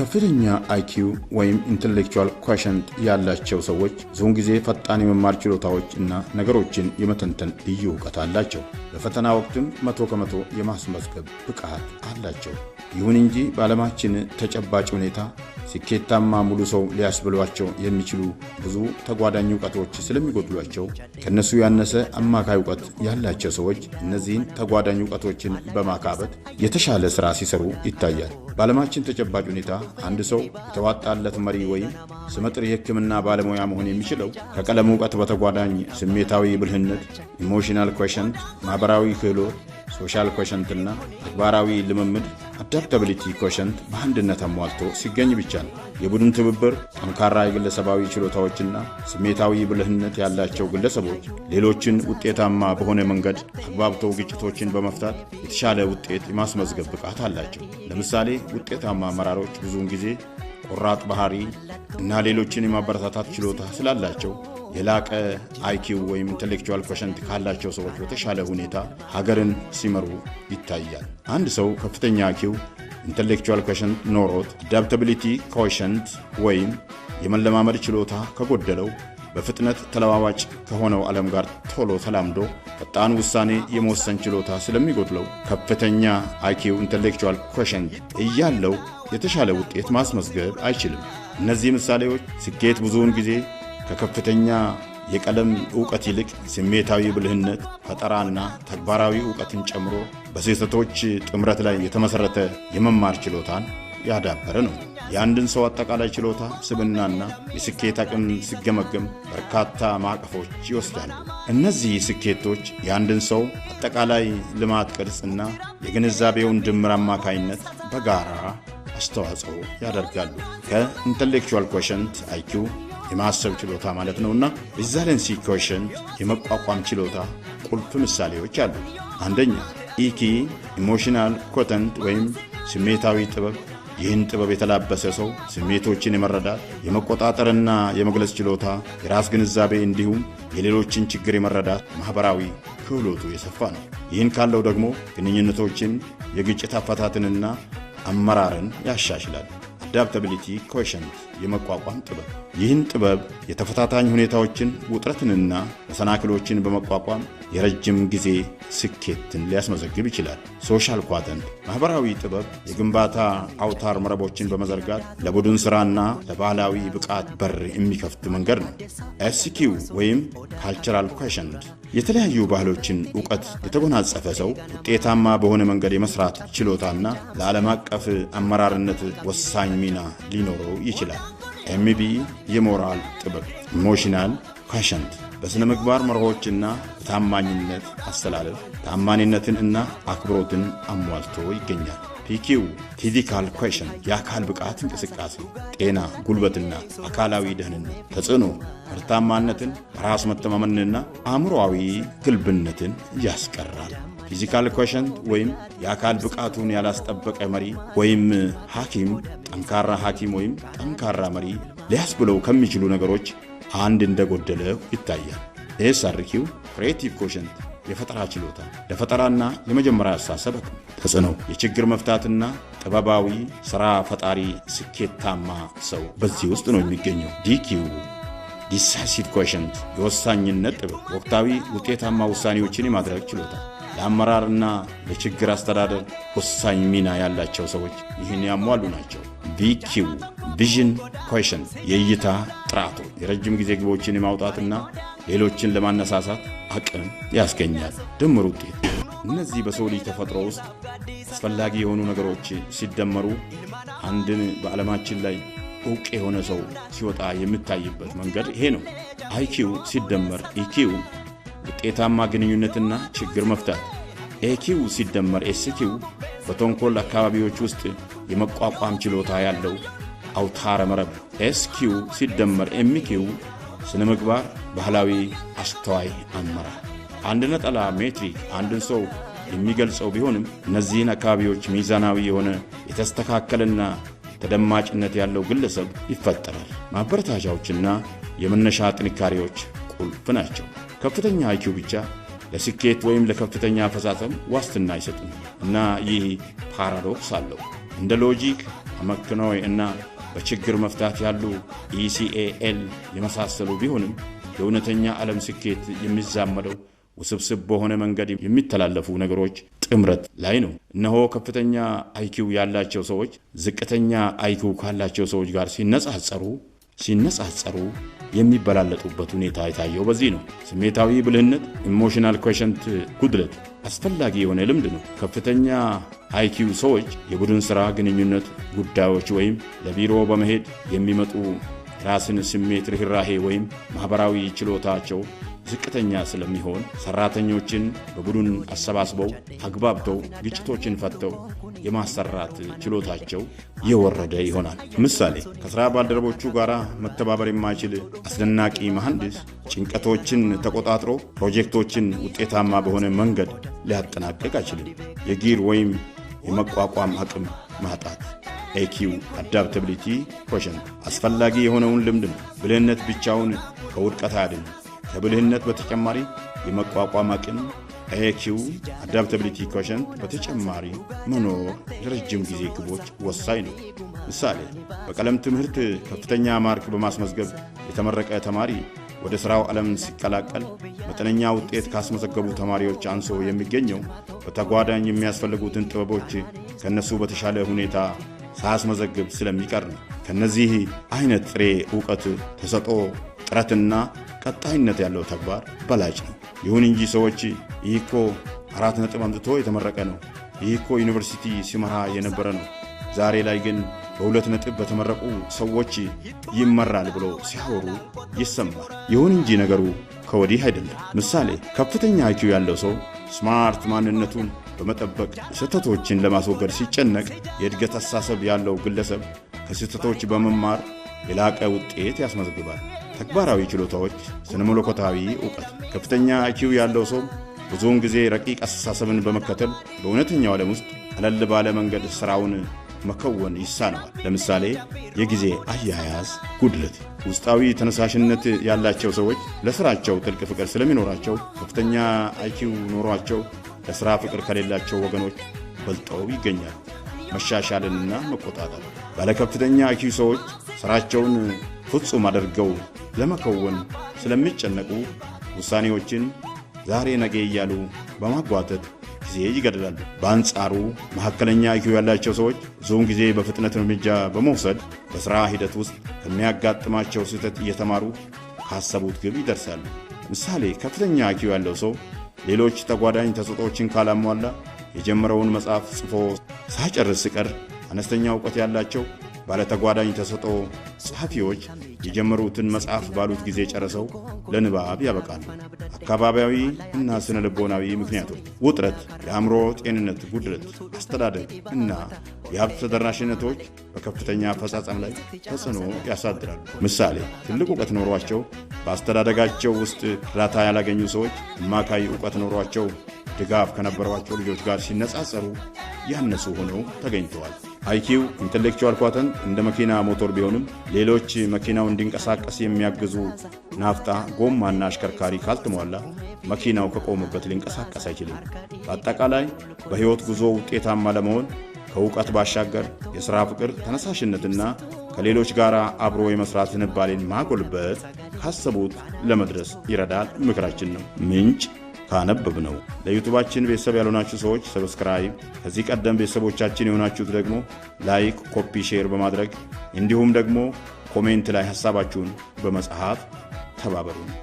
ከፍተኛ አይኪው ወይም ኢንቴሌክቹዋል ኮሸንት ያላቸው ሰዎች ብዙውን ጊዜ ፈጣን የመማር ችሎታዎች እና ነገሮችን የመተንተን ልዩ እውቀት አላቸው። በፈተና ወቅትም መቶ ከመቶ የማስመዝገብ ብቃት አላቸው። ይሁን እንጂ በዓለማችን ተጨባጭ ሁኔታ ስኬታማ ሙሉ ሰው ሊያስብሏቸው የሚችሉ ብዙ ተጓዳኝ እውቀቶች ስለሚጎድሏቸው ከነሱ ያነሰ አማካይ እውቀት ያላቸው ሰዎች እነዚህን ተጓዳኝ እውቀቶችን በማካበት የተሻለ ስራ ሲሰሩ ይታያል። በዓለማችን ተጨባጭ ሁኔታ አንድ ሰው የተዋጣለት መሪ ወይም ስመጥር የሕክምና ባለሙያ መሆን የሚችለው ከቀለም እውቀት በተጓዳኝ ስሜታዊ ብልህነት፣ ኢሞሽናል ኮሸንት፣ ማህበራዊ ክህሎት፣ ሶሻል ኮሸንትና ተግባራዊ ልምምድ አዳፕታብሊቲ ኮሸንት በአንድነት አሟልቶ ሲገኝ ብቻ ነው። የቡድን ትብብር፣ ጠንካራ የግለሰባዊ ችሎታዎችና ስሜታዊ ብልህነት ያላቸው ግለሰቦች ሌሎችን ውጤታማ በሆነ መንገድ አግባብተው ግጭቶችን በመፍታት የተሻለ ውጤት የማስመዝገብ ብቃት አላቸው። ለምሳሌ ውጤታማ አመራሮች ብዙውን ጊዜ ቆራጥ ባህሪ እና ሌሎችን የማበረታታት ችሎታ ስላላቸው የላቀ አይኪው ወይም ኢንቴሌክቹዋል ኮሸንት ካላቸው ሰዎች በተሻለ ሁኔታ ሀገርን ሲመሩ ይታያል። አንድ ሰው ከፍተኛ አይኪው ኢንቴሌክቹዋል ኮሸንት ኖሮት አዳፕታብሊቲ ኮሸንት ወይም የመለማመድ ችሎታ ከጎደለው በፍጥነት ተለዋዋጭ ከሆነው ዓለም ጋር ቶሎ ተላምዶ ፈጣን ውሳኔ የመወሰን ችሎታ ስለሚጎድለው ከፍተኛ አይኪው ኢንቴሌክቹዋል ኮሸንት እያለው የተሻለ ውጤት ማስመዝገብ አይችልም። እነዚህ ምሳሌዎች ስኬት ብዙውን ጊዜ ከከፍተኛ የቀለም እውቀት ይልቅ ስሜታዊ ብልህነት፣ ፈጠራና ተግባራዊ እውቀትን ጨምሮ በስህተቶች ጥምረት ላይ የተመሠረተ የመማር ችሎታን ያዳበረ ነው። የአንድን ሰው አጠቃላይ ችሎታ ስብናና የስኬት አቅም ሲገመገም በርካታ ማዕቀፎች ይወስዳሉ። እነዚህ ስኬቶች የአንድን ሰው አጠቃላይ ልማት ቅርጽና የግንዛቤውን ድምር አማካይነት በጋራ አስተዋጽኦ ያደርጋሉ። ከኢንተሌክቹዋል ኮሸንት አይኪው የማሰብ ችሎታ ማለት ነውና ሪዛለንሲ ኮሽን የመቋቋም ችሎታ ቁልፍ ምሳሌዎች አሉ። አንደኛ ኢኪ ኢሞሽናል ኮተንት ወይም ስሜታዊ ጥበብ። ይህን ጥበብ የተላበሰ ሰው ስሜቶችን የመረዳት የመቆጣጠርና የመግለጽ ችሎታ፣ የራስ ግንዛቤ እንዲሁም የሌሎችን ችግር የመረዳት ማኅበራዊ ክህሎቱ የሰፋ ነው። ይህን ካለው ደግሞ ግንኙነቶችን፣ የግጭት አፈታትንና አመራርን ያሻሽላል። አዳፕታቢሊቲ ኮሸንት የመቋቋም ጥበብ። ይህን ጥበብ የተፈታታኝ ሁኔታዎችን ውጥረትንና መሰናክሎችን በመቋቋም የረጅም ጊዜ ስኬትን ሊያስመዘግብ ይችላል። ሶሻል ኳተንት ማኅበራዊ ጥበብ የግንባታ አውታር መረቦችን በመዘርጋት ለቡድን ሥራና ለባህላዊ ብቃት በር የሚከፍት መንገድ ነው። ኤስኪው ወይም ካልቸራል ኮሸንት የተለያዩ ባህሎችን እውቀት የተጎናጸፈ ሰው ውጤታማ በሆነ መንገድ የመስራት ችሎታና ለዓለም አቀፍ አመራርነት ወሳኝ ሚና ሊኖረው ይችላል። ኤምቢ የሞራል ጥበብ ኢሞሽናል ኳሸንት በሥነ ምግባር መርሆችና በታማኝነት አስተላለፍ ታማኝነትን እና አክብሮትን አሟልቶ ይገኛል። ፒኪው ፊዚካል ኩዌሽን የአካል ብቃት እንቅስቃሴ፣ ጤና፣ ጉልበትና አካላዊ ደህንነት፣ ተጽዕኖ፣ ምርታማነትን፣ በራስ መተማመንንና አእምሮዊ ግልብነትን ያስቀራል። ፊዚካል ኮሽን ወይም የአካል ብቃቱን ያላስጠበቀ መሪ ወይም ሐኪም ጠንካራ ሐኪም ወይም ጠንካራ መሪ ሊያስብለው ከሚችሉ ነገሮች አንድ እንደጎደለው ይታያል። ኤስአርኪው ክሬቲቭ ኮሽንት የፈጠራ ችሎታ ለፈጠራና የመጀመሪያ አስተሳሰብ ተጽዕኖ የችግር መፍታትና ጥበባዊ ስራ ፈጣሪ ስኬታማ ሰው በዚህ ውስጥ ነው የሚገኘው። ዲኪው ዲሳሲቭ ኮሽንት የወሳኝነት ጥበብ፣ ወቅታዊ ውጤታማ ውሳኔዎችን የማድረግ ችሎታ ለአመራርና ለችግር አስተዳደር ወሳኝ ሚና ያላቸው ሰዎች ይህን ያሟሉ ናቸው። ቪኪው ቪዥን ኮሽን የእይታ ጥራቶች የረጅም ጊዜ ግቦችን የማውጣትና ሌሎችን ለማነሳሳት አቅም ያስገኛል። ድምር ውጤት እነዚህ በሰው ልጅ ተፈጥሮ ውስጥ አስፈላጊ የሆኑ ነገሮች ሲደመሩ አንድን በዓለማችን ላይ እውቅ የሆነ ሰው ሲወጣ የሚታይበት መንገድ ይሄ ነው። አይኪው ሲደመር ኢኪው ውጤታማ ግንኙነትና ችግር መፍታት፣ ኤኪው ሲደመር ኤስኪው በተንኮል አካባቢዎች ውስጥ የመቋቋም ችሎታ ያለው አውታረ መረብ፣ ኤስኪው ሲደመር ኤምኪው ስነ ምግባር ባህላዊ አስተዋይ አመራር። አንድ ነጠላ ሜትሪክ አንድን ሰው የሚገልጸው ቢሆንም እነዚህን አካባቢዎች ሚዛናዊ የሆነ የተስተካከለና ተደማጭነት ያለው ግለሰብ ይፈጠራል። ማበረታቻዎችና የመነሻ ጥንካሬዎች ቁልፍ ናቸው። ከፍተኛ አይኪው ብቻ ለስኬት ወይም ለከፍተኛ አፈጻጸም ዋስትና አይሰጡም እና ይህ ፓራዶክስ አለው። እንደ ሎጂክ አመክንዮ እና በችግር መፍታት ያሉ ኢሲኤኤል የመሳሰሉ ቢሆንም የእውነተኛ ዓለም ስኬት የሚዛመደው ውስብስብ በሆነ መንገድ የሚተላለፉ ነገሮች ጥምረት ላይ ነው። እነሆ ከፍተኛ አይኪው ያላቸው ሰዎች ዝቅተኛ አይኪው ካላቸው ሰዎች ጋር ሲነጻጸሩ ሲነጻጸሩ የሚበላለጡበት ሁኔታ የታየው በዚህ ነው። ስሜታዊ ብልህነት ኢሞሽናል ኮሸንት ጉድለት አስፈላጊ የሆነ ልምድ ነው። ከፍተኛ አይኪው ሰዎች የቡድን ሥራ፣ ግንኙነት ጉዳዮች ወይም ለቢሮ በመሄድ የሚመጡ ራስን ስሜት፣ ርኅራሄ ወይም ማኅበራዊ ችሎታቸው ዝቅተኛ ስለሚሆን ሠራተኞችን በቡድን አሰባስበው አግባብተው ግጭቶችን ፈተው የማሰራት ችሎታቸው የወረደ ይሆናል። ምሳሌ ከሥራ ባልደረቦቹ ጋር መተባበር የማይችል አስደናቂ መሐንዲስ ጭንቀቶችን ተቆጣጥሮ ፕሮጀክቶችን ውጤታማ በሆነ መንገድ ሊያጠናቅቅ አይችልም። የጊር ወይም የመቋቋም አቅም ማጣት ኤኪው አዳፕታብሊቲ ኮሽን አስፈላጊ የሆነውን ልምድ ነው። ብልህነት ብቻውን ከውድቀት አያድን። ከብልህነት በተጨማሪ የመቋቋም አቅም ኤኪው አዳፕታብሊቲ ኮሽን በተጨማሪ መኖር ለረጅም ጊዜ ግቦች ወሳኝ ነው። ምሳሌ፣ በቀለም ትምህርት ከፍተኛ ማርክ በማስመዝገብ የተመረቀ ተማሪ ወደ ሥራው ዓለም ሲቀላቀል መጠነኛ ውጤት ካስመዘገቡ ተማሪዎች አንሶ የሚገኘው በተጓዳኝ የሚያስፈልጉትን ጥበቦች ከእነሱ በተሻለ ሁኔታ ሳያስመዘግብ ስለሚቀር ነው። ከነዚህ አይነት ጥሬ እውቀት ተሰጦ ጥረትና ቀጣይነት ያለው ተግባር በላጭ ነው። ይሁን እንጂ ሰዎች ይህ እኮ አራት ነጥብ አምጥቶ የተመረቀ ነው፣ ይህ እኮ ዩኒቨርሲቲ ሲመራ የነበረ ነው፣ ዛሬ ላይ ግን በሁለት ነጥብ በተመረቁ ሰዎች ይመራል ብሎ ሲያወሩ ይሰማል። ይሁን እንጂ ነገሩ ከወዲህ አይደለም። ምሳሌ ከፍተኛ አይኪው ያለው ሰው ስማርት ማንነቱን በመጠበቅ ስህተቶችን ለማስወገድ ሲጨነቅ የእድገት አሳሰብ ያለው ግለሰብ ከስህተቶች በመማር የላቀ ውጤት ያስመዘግባል። ተግባራዊ ችሎታዎች፣ ስነመለኮታዊ እውቀት። ከፍተኛ አይኪው ያለው ሰው ብዙውን ጊዜ ረቂቅ አስተሳሰብን በመከተል በእውነተኛው ዓለም ውስጥ ቀለል ባለ መንገድ ሥራውን መከወን ይሳነዋል። ለምሳሌ የጊዜ አያያዝ ጉድለት። ውስጣዊ ተነሳሽነት ያላቸው ሰዎች ለሥራቸው ጥልቅ ፍቅር ስለሚኖራቸው ከፍተኛ አይኪው ኖሯቸው ለሥራ ፍቅር ከሌላቸው ወገኖች በልጠው ይገኛሉ። መሻሻልንና መቆጣጠር ባለከፍተኛ አኪ ሰዎች ሥራቸውን ፍጹም አድርገው ለመከወን ስለሚጨነቁ ውሳኔዎችን ዛሬ ነገ እያሉ በማጓተት ጊዜ ይገድላሉ። በአንጻሩ መካከለኛ አኪው ያላቸው ሰዎች ብዙውን ጊዜ በፍጥነት እርምጃ በመውሰድ በሥራ ሂደት ውስጥ ከሚያጋጥማቸው ስህተት እየተማሩ ካሰቡት ግብ ይደርሳሉ። ምሳሌ ከፍተኛ አኪ ያለው ሰው ሌሎች ተጓዳኝ ተሰጥኦዎችን ካላሟላ የጀመረውን መጽሐፍ ጽፎ ሳጨርስ ሲቀር አነስተኛ እውቀት ያላቸው ባለተጓዳኝ ተሰጦ ጸሐፊዎች የጀመሩትን መጽሐፍ ባሉት ጊዜ ጨርሰው ለንባብ ያበቃሉ። አካባቢያዊ እና ስነ ልቦናዊ ምክንያቶች፣ ውጥረት፣ የአእምሮ ጤንነት ጉድለት፣ አስተዳደግ እና የሀብት ተደራሽነቶች በከፍተኛ አፈጻጸም ላይ ተጽዕኖ ያሳድራሉ። ምሳሌ፣ ትልቅ እውቀት ኖሯቸው በአስተዳደጋቸው ውስጥ እርዳታ ያላገኙ ሰዎች አማካይ እውቀት ኖሯቸው ድጋፍ ከነበሯቸው ልጆች ጋር ሲነጻጸሩ ያነሱ ሆነው ተገኝተዋል። አይኪው ኢንቴሌክቹዋል ኳተን እንደ መኪና ሞተር ቢሆንም ሌሎች መኪናው እንዲንቀሳቀስ የሚያግዙ ናፍጣ፣ ጎማና አሽከርካሪ ካልተሟላ መኪናው ከቆመበት ሊንቀሳቀስ አይችልም። በአጠቃላይ በሕይወት ጉዞ ውጤታማ ለመሆን ከእውቀት ባሻገር የሥራ ፍቅር፣ ተነሳሽነትና ከሌሎች ጋር አብሮ የመሥራት ዝንባሌን ማጎልበት ካሰቡት ለመድረስ ይረዳል። ምክራችን ነው። ምንጭ ካነበብ ነው። ለዩቱባችን ቤተሰብ ያልሆናችሁ ሰዎች ሰብስክራይብ፣ ከዚህ ቀደም ቤተሰቦቻችን የሆናችሁት ደግሞ ላይክ፣ ኮፒ፣ ሼር በማድረግ እንዲሁም ደግሞ ኮሜንት ላይ ሀሳባችሁን በመጽሐፍ ተባበሩን።